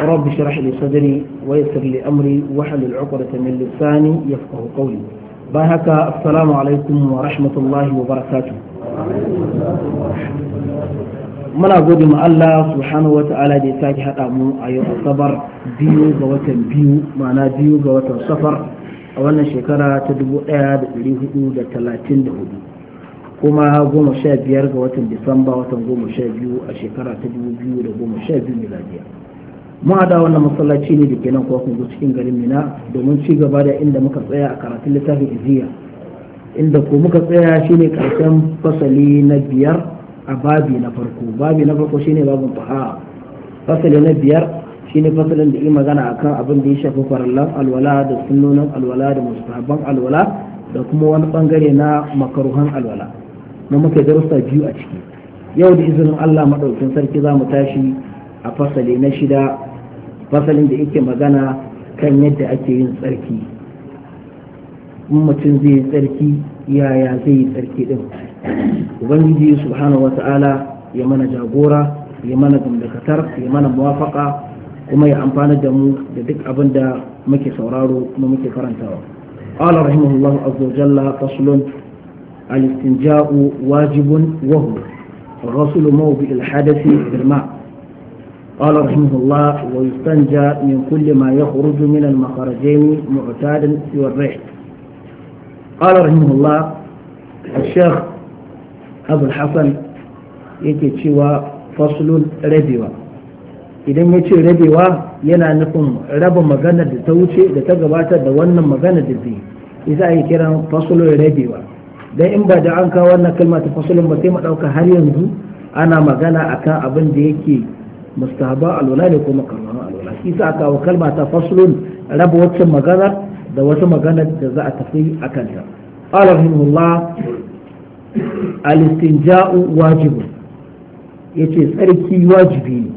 رب اشرح لي صدري ويسر لي أمري واحلل عقدة من لساني يفقه قولي باهك السلام عليكم ورحمة الله وبركاته muna gode ma Allah subhanahu wa ta'ala da ya sake haɗa mu a yau asabar biyu ga watan biyu ma'ana biyu ga watan safar a wannan shekara ta 1434 kuma goma sha biyar ga watan disamba watan goma sha biyu a shekara ta 2012 miladiya mun hada wannan masallaci ne da ke nan kuwa kungu cikin garin mina domin ci gaba da inda muka tsaya a karatun littafin iziya inda ko muka tsaya shine karshen fasali na biyar a babi na farko babi na farko shine babin faha fasali na biyar shine fasalin da yi magana akan abin da ya shafi farallan alwala da sunnonin alwala da mustahabban alwala da kuma wani bangare na makaruhan alwala na muka darussa biyu a ciki yau da izinin Allah madaukin sarki za mu tashi a fasali na shida fasalin da yake magana kan yadda ake yin tsarki in mutum zai yi tsarki yaya zai yi tsarki din ubangiji subhanahu wa ta'ala ya mana jagora ya mana gumdakatar ya mana muwafaka kuma ya amfana da mu da duk abin da muke sauraro kuma muke karantawa qala rahimahullahu azza wa jalla faslun al-istinja'u wajibun wa huwa الرسول موضع الحدث بالماء قال رحمه الله ويستنجى من كل ما يخرج من المخرجين معتادا سوى الريح قال رحمه الله الشيخ أبو الحسن يتي تشوى فصل ربيوة إذن يتي ربيوة ينا نقوم رب مغانا دتوشي لتقبات دوانا مغانا دبي إذا أي كيران فصل ربيوة da in ba da an kawo wannan kalma ta fasulun ba sai mu ɗauka har mustahaba alwala ne ko makarrama alwala shi sa aka wa kalma ta faslun raba waccan magana da wata magana da za a tafi a kanta qala rahimahullah al-istinja'u yace tsarki wajibi ne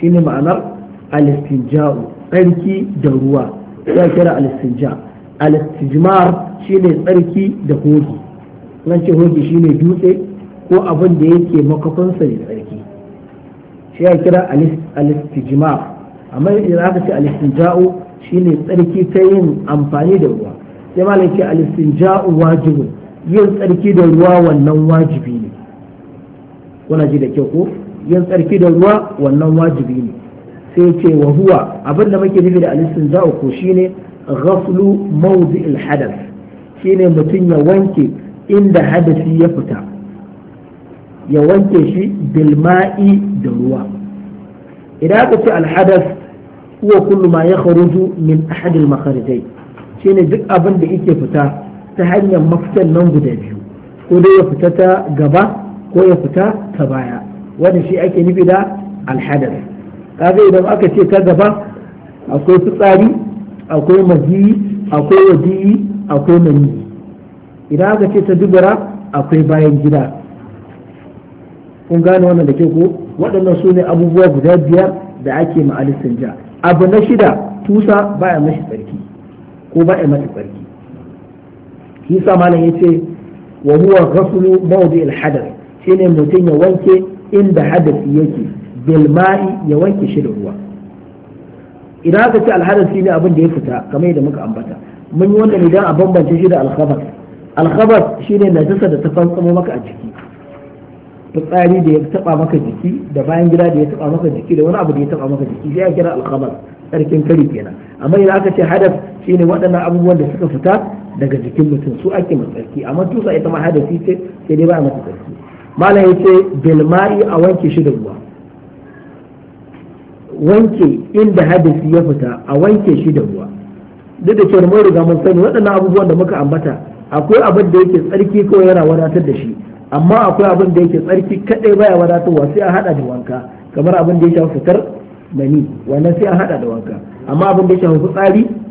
shine ma'anar al-istinja'u tsarki da ruwa ya kira al-istinja al-istijmar shine tsarki da hoji nan ce hoji shine dutse ko abin da yake makafansa ne tsarki shi ya kira alistijma amma idan aka ce alistija'u shine tsarki ta yin amfani da ruwa sai malam ce alistija'u wajibi yin tsarki da ruwa wannan wajibi ne kuna ji da kyau ko yin tsarki da ruwa wannan wajibi ne sai ce wa huwa abin da muke nufi da alistija'u ko shine ghaflu mawdi'il hadath shine mutum ya wanke inda hadasi ya fita ya wanke shi bilma'i da ruwa idan aka ce alhadas huwa kullu ma yakhruju min ahad al-makharijai shine duk abin da yake fita ta hanyar mafitan nan guda biyu ko dai ya fita ta gaba ko ya fita ta baya wanda shi ake nufi da alhadas kaga idan aka ce ta gaba akwai fitsari akwai maziyi akwai wadiyi akwai maniyi idan aka ce ta dubara akwai bayan gida kun gane wannan da ke ko waɗannan su ne abubuwa guda biyar da ake ma ja abu na shida tusa baya mashi tsarki ko baya mashi tsarki kisa malam ce wa huwa ghaslu mawdi al-hadath shine mutum ya wanke inda hadasi yake bil ma'i ya wanke shi da ruwa idan aka ce alhadar hadath ne abin da ya fita kamar yadda muka ambata mun yi wannan idan a bambance shi da al-khabath shine najasa da ta fantsamo maka a jiki fitsari da ya taba maka jiki da bayan gida da ya taba maka jiki da wani abu da ya taba maka jiki sai ya kira alkhabar tsarkin kari kenan amma idan aka ce hadaf shine waɗannan abubuwan da suka fita daga jikin mutum su ake matsarki amma tusa ita ma hadafi ce sai dai ba a mata malam ya ce bilma'i a wanke shi da ruwa wanke inda hadasi ya fita a wanke shi da ruwa duk da cewar mun riga mun sani waɗannan abubuwan da muka ambata akwai abin da yake tsarki kawai yana wadatar da shi amma akwai abin da yake tsarki kadai baya wadatarwa sai a hada da wanka kamar abin da ya shafi fitar mani wannan sai a hada da wanka amma abin da ya shafi fitsari